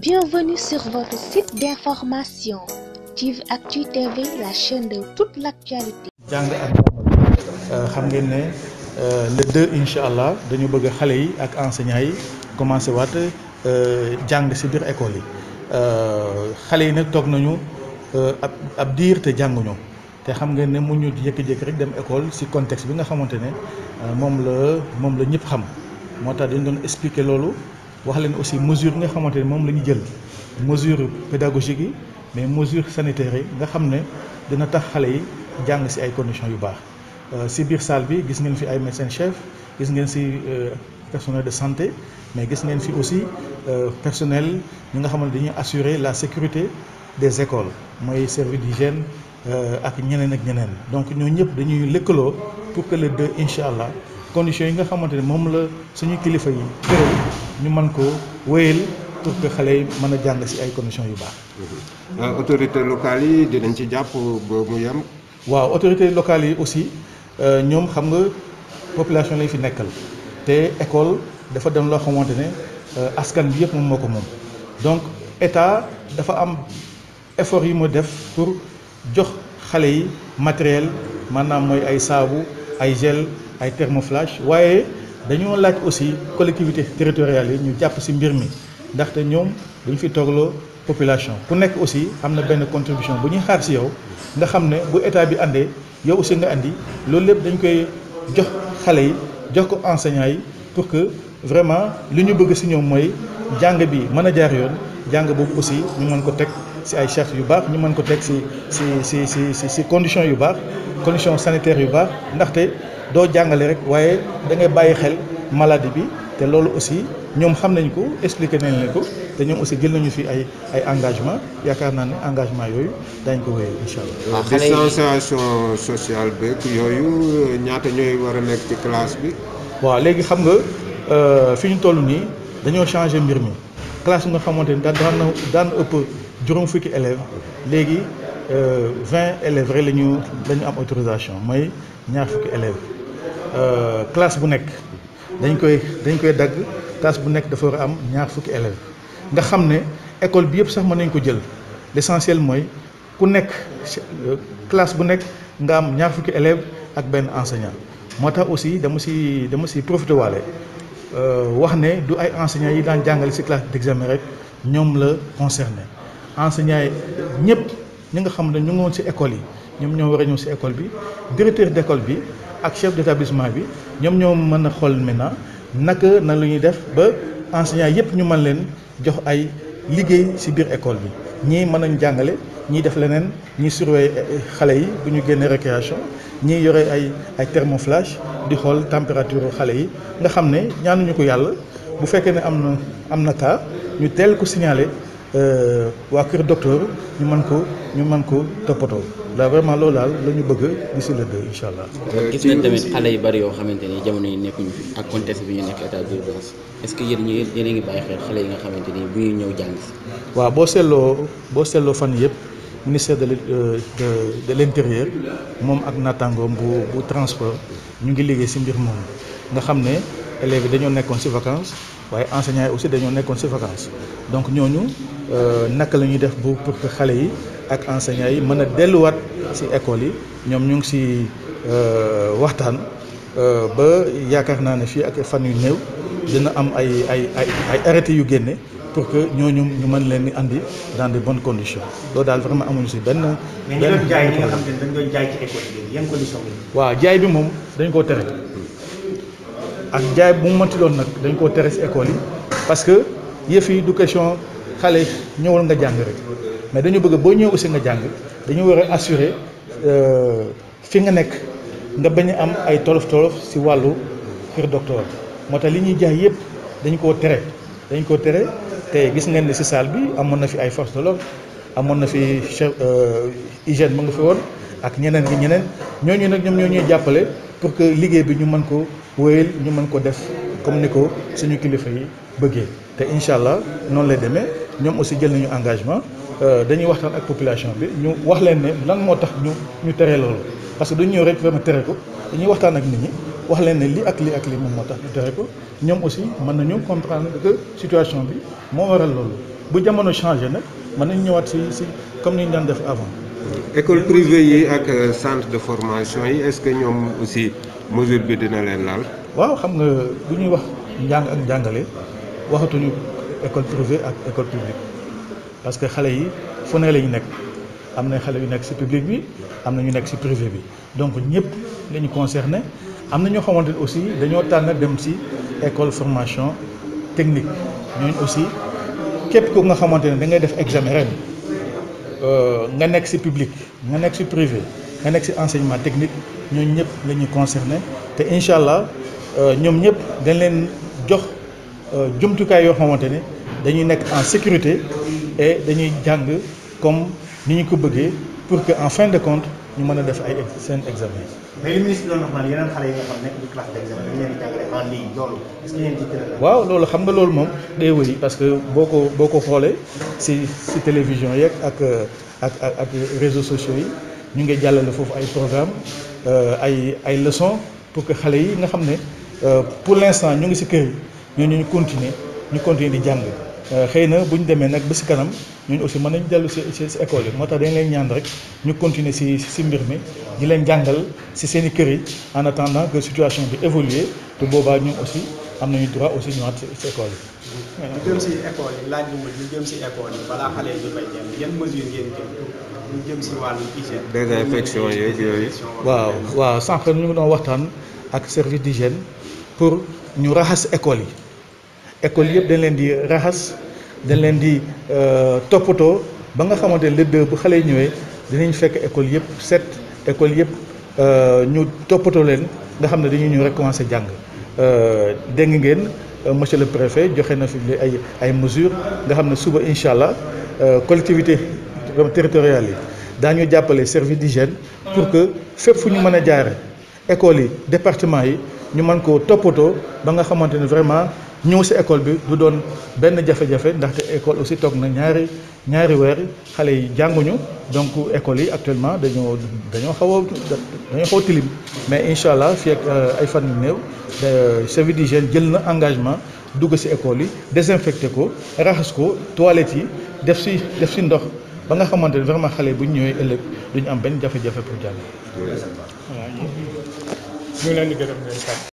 Bienvenue sur votre site d'information Tivactu TV la jàng ak euh, xam ngeen ne euh, le 2 incha allah dañu bëgg xale yi ak enseignants yi commencé waat euh, jàng si biir école yi xale yi nag toog nañu ab ab diir te jànguñu te xam ngeen ne mu ñu jékki-jékki rek dem école ci contexte bi nga xamante ne moom la moom la ñëpp xam moo tax dañu doon expliquer loolu. wax leen aussi mesure nga xamante ne moom la ñu jël mesure pédagogique yi mais mesure sanitaire yi nga xam ne dina tax xale yi jàng ci ay conditions yu baax ci euh, biir salle bi gis ngeen fi ay médecin chef gis ngeen ci euh, personnel de santé mais gis ngeen fi aussi euh, personnel ñi nga xam ne dañuy assurer la sécurité des écoles mooy service d'hygiène ak ñeneen ak ñeneen donc ñoo ñëpp dañuy lëkkaloo pour que le deux incha allah conditions yi nga xamante ne moom la suñu kilifa yi tëral ñu mën ko wéyal pour que xale yi mën a jàng si ay conditions yu baax. Euh, autorités locales yi dinañ ci jàpp ba mu yem. waaw autorités locales yi aussi euh, ñoom xam nga population lay fi nekkal te école dafa dem loo xamante ne euh, askan bi yëpp moom moo ko moom donc état dafa am effort yi mu def pour jox xale yi matériel naa mooy ay saabu ay gel. ay thermoflash waaye dañoo laaj aussi collectivités territoriales yi ñu jàpp ci mbir mi ndaxte ñoom dañu fi toog loo population ku nekk aussi am na benn contribution bu ñuy xaar ci yow nga xam ne bu état bi àndee yow aussi nga andi loolu lépp dañ koy jox xale yi jox ko enseignants yi pour que vraiment li ñu bëgg ci ñoom mooy jàng bi mën a jaar yoon jàng boobu aussi ñu mën ko teg ci ay chartes yu baax ñu mën ko teg ci ci ci ci ci conditions yu baax conditions sanitaires yu baax ndaxte. doo jàngale rek waaye da ngay bàyyi xel maladie bi te loolu aussi ñoom xam nañ ko expliquer nañ leen ko te ñoom aussi jël nañu fi ay ay engagement yaakaar naa ne engagement yooyu daañ ko wéyal incha allah. distanciation sociale beeg yooyu euh, ñaata ñooy war a nekk ci classe bi. waaw léegi xam nga euh, fi ñu toll nii dañoo changé mbir mi classe nga xamante ni daan daan daan ëpp juróom fukki élèves léegi euh, vingt élèves rek lañu ñu am autorisation mooy ñaar fukki élèves. Euh, classe bu nekk dañ koy dañ koy dagg classe bu nekk dafa war am ñaar fukki élève nga xam ne école bi yëpp sax ma nañ ko jël l'essentiel mooy ku nekk classe bu nekk nga am ñaar fukki élève ak benn enseignant moo tax aussi dama si dama si profité waale euh, wax ne du ay enseignants yi daan jàngale si classe d'examen rek ñoom la concerné enseignants yi ñëpp ñi nga xam ne ñu ngi woon si école yi ñoom ñoo war a ñëw si école bi directeur d'école bi. ak chef d'établissement bi ñoom ñoo mën a xool na naka na lu ñuy def ba enseignant yëpp ñu man leen jox ay liggéey ci biir école bi ñii mën nañ jàngale ñii def leneen ñii surveiller xale yi bu ñu génnee récréation ñii yore ay ay di xool température xale yi nga xam ne ñaanuñu ko yàlla bu fekkee ne am na am na cas ñu teel ko signaler euh, waa kër docteur ñu mën ko ñu mën ko toppatoo. daa vraiment loolu daal la ñu bëgg d'ici le deux incha allah. Euh, gis nañ tamit xale yu bari yoo xamante ni jamono yi nekkuñu fi ak contexte bi ñu nekk état d'urgence est-ce a ngi yi nga xamante ni bu ñuy waaw boo seetloo boo seetloo fan yëpp ministère de euh, de de moom ak naataangoom bu bu transport ñu ngi liggéey si mbir moom nga xam ne élèves yi dañoo nekkoon si vacances waaye enseignants yi aussi dañoo nekkoon si vacances donc ñooñu euh, naka la ñuy def bu pour que xale yi. ak enseignants yi mën a delluwaat si école yi ñoom ñu ngi si euh, waxtaan euh, ba yaakaar naa ne fii ak fan yu néew dina am ay ay ay ay arrêté yu génne pour que ñoo ñu ñu mën leen di indi dans de bonnes conditions loolu daal vraiment amuñu si benn. benn mais ñi doon jaay ñi nga xam ne dañ doon jaay bi moom dañ koo tere ak jaay bu mu mënti doon nag dañ koo tere si école yi parce que yëf yi du question xale ñëwal nga jàng rek. mais dañu bëgg boo ñëwee aussi nga jàng dañu war a assurer euh, fi nga nekk nga bañ am ay tolof tolof si wàllu kër docteur moo tax li ñuy jaay yëpp dañu koo tere dañu koo tere te gis ngeen ne si salle bi amoon na fi ay force de amoon na fi chef euh, hygiène mu nga fi woon ak ñeneen gi ñeneen ñooñu nag ñoom ñoo ñuy jàppale pour que liggéey bi ñu mën ko wéyal ñu mën ko def comme ni ko suñu kilifa yi bëggee te incha allah noonu lay demee ñoom aussi jël nañu engagement. Euh, dañuy waxtaan ak population bi ñu wax leen ne lan moo tax ñu ñu tere loolu parce que du ñëw rek vraiment tere ko dañuy waxtaan ak nit ñi wax leen ne lii ak lii ak lii moom moo tax ñu tere ko ñoom aussi mën nañu comprendre que bi moo waral loolu bu jamono changé nag mën nañu ñëwaat si si comme ni ñu daan def avant. école privée yi ak euh, centre de formation yi est-ce que ñoom aussi mesure bi dina leen laal. waaw xam nga bu ñuy wax njàng ak njàngale waxatuñu école privée ak école publique. parce que xale yi fu ne la nekk am na xale yu nekk ci public bi am na ñu nekk ci privé bi donc ñëpp la ñu concerné am na ñoo xamante ne aussi dañoo tànn dem ci école formation technique ñooñu aussi képp ko nga xamante ne da ngay def examen ren euh, nga nekk ci public nga nekk ci privé nga nekk ci enseignement technique ñooñu ñëpp la ñuy concerné te incha allah euh, ñoom ñëpp dañ leen jox euh, jumtukaay yoo xamante ni dañuy nekk en sécurité et dañuy jàng comme ni ñu ko bëggee pour que en fin de compte ñu mën a def ay seen examen. mais li ministre doon yi waaw loolu xam nga loolu moom day wëy parce que boo ko boo ko xoolee si si télévision yeeg ak ak ak ak réseaux sociaux yi ñu ngi jàllale foofu ay programme euh, ay ay leçons pour que xale yi nga xam ne euh, pour l'instant ñu ngi si kër yi ñooñu ñu continuer ñu continuer di jàng. Euh, xëy na bu ñu demee nag ba si kanam ñun aussi mën nañu dellu si si école yi moo tax dañ leen ñaan rek ñu continuer si si mbir mi di leen jàngal si seen i kër yi en attendant que situation bi évolue te boobaa ñun aussi am nañu si école yi. ñu jëm aussi école yi laaj nga ñu jëm si école yi balaa xale yi fay dem waaw waaw sànq ñu ngi doon waxtaan ak service di d'hygiène pour ñu raxas école yi. école yëpp dañ leen di raxas dañ leen di euh, toppatoo ba nga xamante ne bu xale yi ñëwee dinañ fekk école yëpp set école yëpp euh, ñu toppatoo leen nga xam ne dañuy ñu recommencer jàng euh, dégg ngeen monsieur le préfet joxe na fi ay ay mesures nga xam ne suba incha allah collectivité territoriale yi daañu jàppale service d'hygiène pour que fépp fu ñu mën a jaare écoles yi département yi ñu man koo toppatoo ba nga xamante ne vraiment ñëw si école bi du doon benn jafe-jafe ndaxte école aussi toog na ñaari ñaari weer xale yi jànguñu donc école yi actuellement dañoo dañoo xaw a dañoo xaw tilim mais incha allah fii ak euh, ay fan yu néew euh, service d'hygiène jël na engagement dugg si école yi désinfecté ko raxas ko toilettes yi def si def si ndox ba nga xamante ne vraiment xale bu ñu ñëwee ëllëg duñu am benn jafe-jafe pour jàll.